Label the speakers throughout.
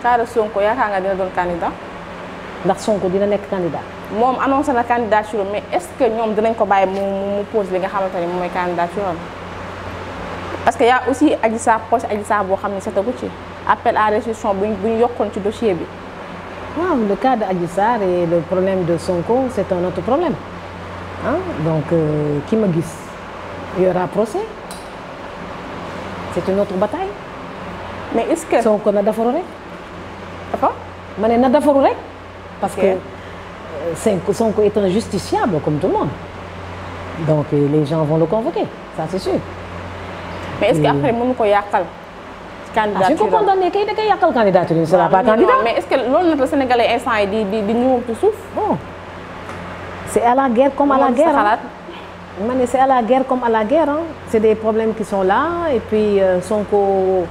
Speaker 1: Car Sonko yaakaar nga dina doon candidat.
Speaker 2: ndax Sonko dina nek candidat.
Speaker 1: mom annoncé la candidature mais est-ce que ñom dinañ ko baye mu mu pose li nga xamanteni ne moom candidature parce qu'il y' a aussi Adissa proche Adissa bo xamni c'est ne ci appel à restitution bu ñu bu ci dossier bi.
Speaker 2: waaw le cas de et le problème de Sonko c'est un autre problème Hein? donc euh, me guise Il y aura procès C'est une autre bataille. mais est-ce que Sonko na defaru D'accord. mais ne na defaru parce que Sonko euh, Sonko est un justiciable comme tout le monde donc euh, les gens vont le convoquer ça c'est sûr
Speaker 1: mais est-ce qu'après, ah, il y a un candidature Je condamné candidat mais est-ce que l'on Sénégalais est sans di di nous tout
Speaker 2: c'est à la guerre
Speaker 1: comme à la guerre hein.
Speaker 2: c'est à la guerre comme à la guerre hein, c'est des problèmes qui sont là et puis euh, Sonko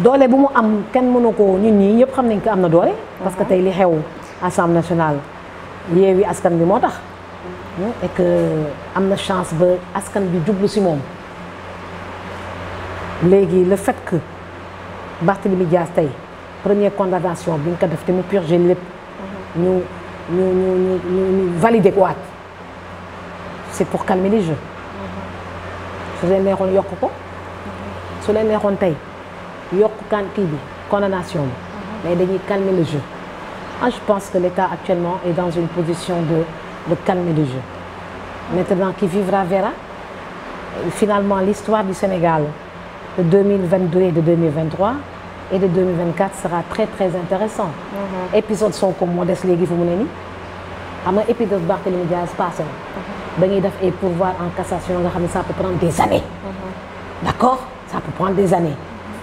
Speaker 2: doole bu mu am kenn mënu ko ñun ñii yëpp xam nañ ko am na doole. parce que tey li xew assemblée nationale yeewi askan bi moo tax. Hein, et que am na chance ba askan bi jublu si moom. léegi le fait que Barthélémy Dias tey première condamnation bi ñu ko def te mu purgé lépp. ñu ñu ñu ñu ñu validé waat c'est pour calmer les jeux. su leen neexoon yokk ko. su leen neexoon tey. Il y a condamnation mais mhm. mais dañuy calmer le jeu Moi, ah, je pense que l'État actuellement est dans une position de de calmer le jeu mhm. maintenant qui vivra verra euh, finalement l'histoire du Sénégal de 2022 et de 2023 et de 2024 sera très très intéressant mm -hmm. épisode sont comme des léegi fu mu ne nii xam les épisode Barthélémy Diaz passé na ba mhm. ñuy ay en cassation ça peut prendre des années d'accord ça peut prendre des années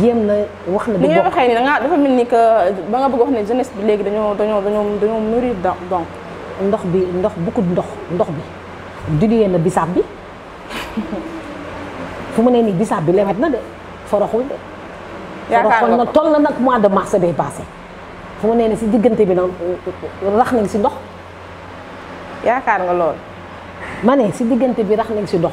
Speaker 1: jéem na wax na di bokk li nga ni da nga mel ni que ba nga bëgg wax ne jeunesse bi léegi dañoo dañoo dañoo dañoo mûrir donc. ndox bi ndox beaucoup ndox ndox bi dilué na bissaab bi
Speaker 2: fu mu ne nii bisaab bi lewet na de foroxul de.
Speaker 1: foroxul na toll
Speaker 2: nag mois de mars bay passé fu mu ne nii si diggante bi noonu rax nañ si ndox. yaakaar nga lool. ma ne si diggante bi rax nañ si ndox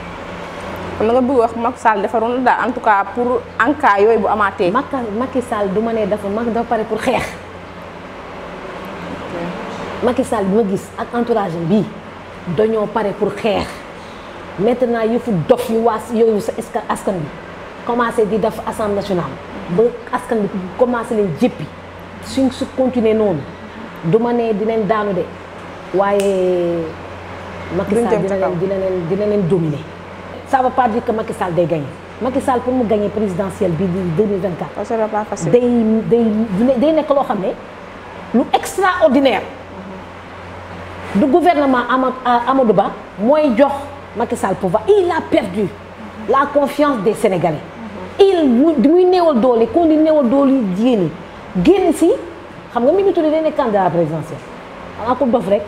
Speaker 1: kon la nga bëgg wax Macky Sall defaroon na daal en tout cas pour en cas yooyu bu amaatee. Macky Macky Sall du ma dafa mag dafa pare pour xeex.
Speaker 2: Macky Sall bi ma gis ak entourage bi dañoo pare pour xeex maintenant yëfu dof yu waas yooyu sa askan bi commencé di def assemblée nationale ba askan bi commencé leen jéppi su su continuer noonu du ma di dinañ daanu de waaye Macky Sall dina leen dina leen dina leen dominer ça ne veut pas dire que Macky Sall day gagné Macky Sall pour mu gagné présidentielle en 2024. ça sera pas facile Il des day des loo xam extraordinaire. du gouvernement euh, Amadou Ba Macky Sall pouvoir il a perdu la confiance des Sénégalais. il a néewal les kon au dos doole jigéen ñi génn si xam nga Mimi des candidat à la présidentielle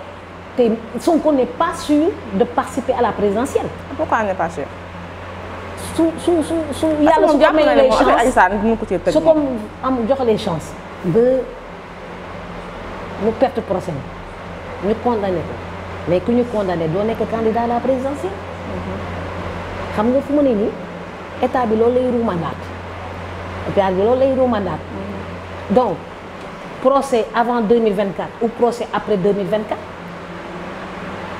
Speaker 2: te qu'on n'est pas sûr de participer à la présidentielle. pourquoi on n'est pas sûr. su su a les chances su comme am les chances. nous perdre procès Nous condamner mais que nous condamner doo candidat à la présidentielle. Je mm-hmm. nga sommes mu ne nii état bi loolu les ruumandaat le mm-hmm. donc procès avant 2024 ou procès après 2024.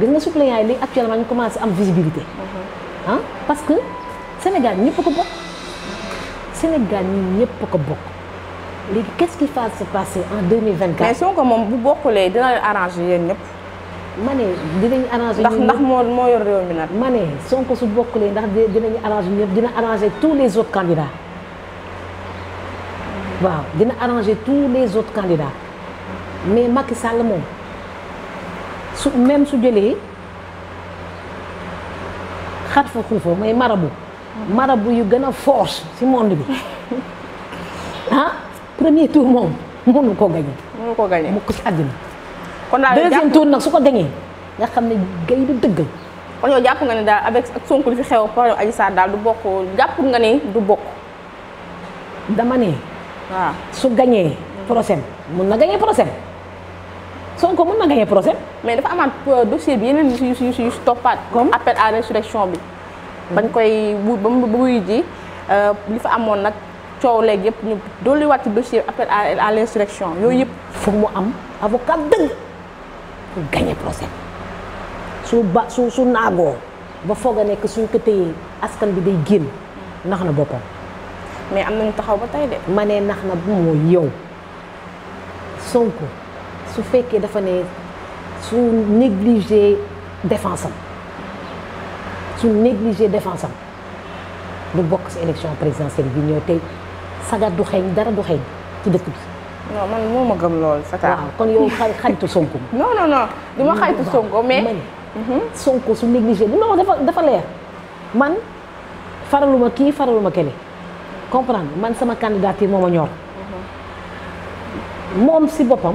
Speaker 2: gis nga suppléants yi léegi actuellement ñu commencé am visibilité uh-huh. ah parce que Sénégal ñëpp ko bokk Sénégal ñi ñëpp ko bokk léegi qu'est-ce qui va se passer en 2024 mais Sonko moom bu bokkulee dina leen arrangé yéen ñëpp ma ne dinañu arrangé ndax ndax moo moo yor réew mi nag ma ne Sonko su bokkulee ndax dinañu arrangé ñëpp dina arrangé tous les autres candidats uh-huh. waaw dina arrangé tous les autres candidats mais Macky Sall moom même su jëlee xat fa xulfa marabu marabu yu gëna force si monde bi ha ah, premier tour moom mënu ko gañe
Speaker 1: mënu ko gagné mu ko ci àddina kon la deuxième tour nak su ko gañee nga xamné ne du dëggal kon yow japp nga né da avec ak sonku li fi xew problème Adji Sarr dal du bokk japp nga né du bokk dama ne wa
Speaker 2: su gagné procès mun na gagné
Speaker 1: procès Sonko mën na gagné procès. mais dafa amaat euh, dossier bi yeneen yu su yu si yu si toppaat. comme appel à l'insurrection bi. bañ koy bu ba mu buy ji euh, li fa amoon nag coow léegi yëpp ñu dolliwaat ci dossier appel à l'insurrection yooyu yëpp. foog mu am avocat dëgg
Speaker 2: pour gagné procès su ba su su naagoo ba foog a nekk suñ ko téyee askan bi day génn nax na boppam. mais am nañu taxaw ba tey de. ma nax na bu moo yow Sonko. su fekkee dafa ne su négligé défense am su négligé défense am du bokk si élection présidentielle bi ñëw tey sagar du xeeñ dara du xeeñ ci dëkk bi.
Speaker 1: non man moo ma gëm lool sagar. waaw kon yow tu Sonko. non non non du ma tu Sonko mais. Mhm.
Speaker 2: Sonko su négligé non dafa dafa leer man faraluma kii faraluma kele comprendre man sama candidature moo ma ñor mhm. moom si boppam.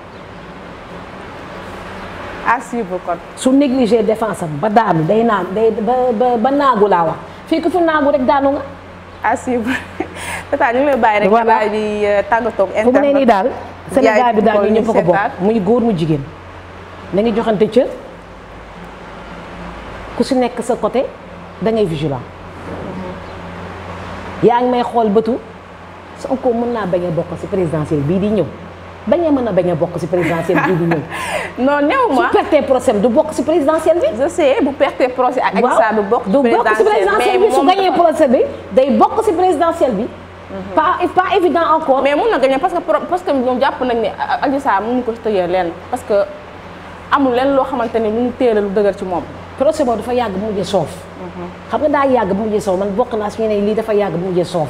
Speaker 2: à suivre kon. su négligé défense ba daanu day naan day
Speaker 1: ba ba naagu laa wax fii ku fi naagu rek daanu nga. à suivre bàyyi rek. voilà xibaar yi euh, tàggatoo nii daal. Sénégal bi daal yi ñëpp ko bokk
Speaker 2: muy góor mu jigéen. da ngay cër ku si nekk sa côté dangay ngay vigilant. Mm-hmm. yaa ngi may xool bëtu ko mën naa ba a bokk si présidentielle bii di ñëw. bem a mana bem bañ a bokk ci présidentielle bi di ñëw. non néew ma su pertee procès du bokk ci présidentielle bi. processo sais bu o procès ak. waaw
Speaker 1: du bokk ci présidentielle bi su gañee presidência não day bokk ci présidentielle bi. Mhm. pas pas évident encore. mais mun na gagner parce que parce que ñoom jàpp nañ ne Adji Sarr mënu ko tëjee lenn parce que amul lenn loo xamante ni mu ngi téere lu dëgër ci moom. procès boobu dafa yàgg bu mujjee soof. Mhm.
Speaker 2: xam nga daa yàgg bu mujjee soof man bokk naa su ñu ne lii dafa yàgg bu mujjee soof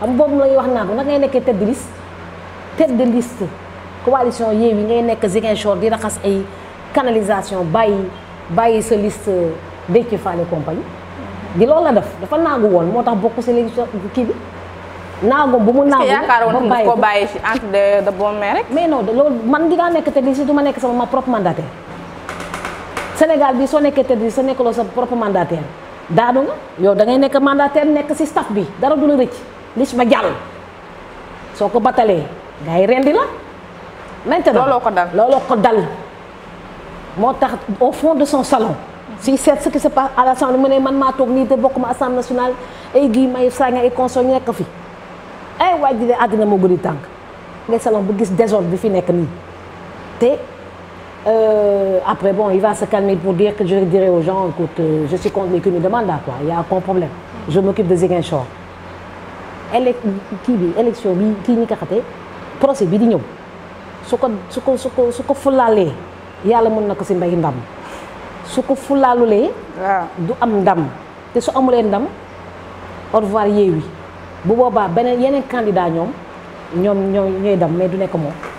Speaker 2: xam boobu lay wax naa ko ngay nekkee tête de liste tête de liste coalition Yewwi ngay nekk Ziguinchor di raxas ay canalisation bàyyi bàyyi sa liste euh, Déthié Fall et compagnie di lool la def dafa naagu woon moo tax bokk si législation kii bi naagu bu mu naagu yaakaaroon nga ko bàyyi
Speaker 1: si entre de
Speaker 2: de bon mais rek. mais non loolu man dinaa nekk tête de liste du ma nekk sama ma propre mandataire Sénégal bi soo nekkee tête sa nekkaloo sa propre mandataire daanu nga yow da nekk mandataire nekk si staff bi dara du la lis ma jàll soko batalé batalee rendi la maintenant lolo ko dal lolo ko dal motax au fond de son salon si c'est ce qui se passe à l'assemblée mené man ma tok ni de bokk ma assemblée nationale ay gui may sanga ay console nek fi ay waaj di ne àddina moo gën ngay salon bu gis désordre bi fi nek ni té euh, après bon il va se calmer pour dire que je dirai aux gens écoute euh, je suis contre les cumuls de mandat quoi il y a aucun problème je m'occupe de Ziguinchor élec kii bi élection bi kii ñi ko xate procès bi di ñëw su ko su ko su ko su ko fulaalee yàlla mën na ko si mbay ndam su ko fulaalulee du am ndam te su amulee ndam au revoir wi bu boobaa beneen yeneen candidat ñoom ñoom ñooy ñooy dem mais du nekk moom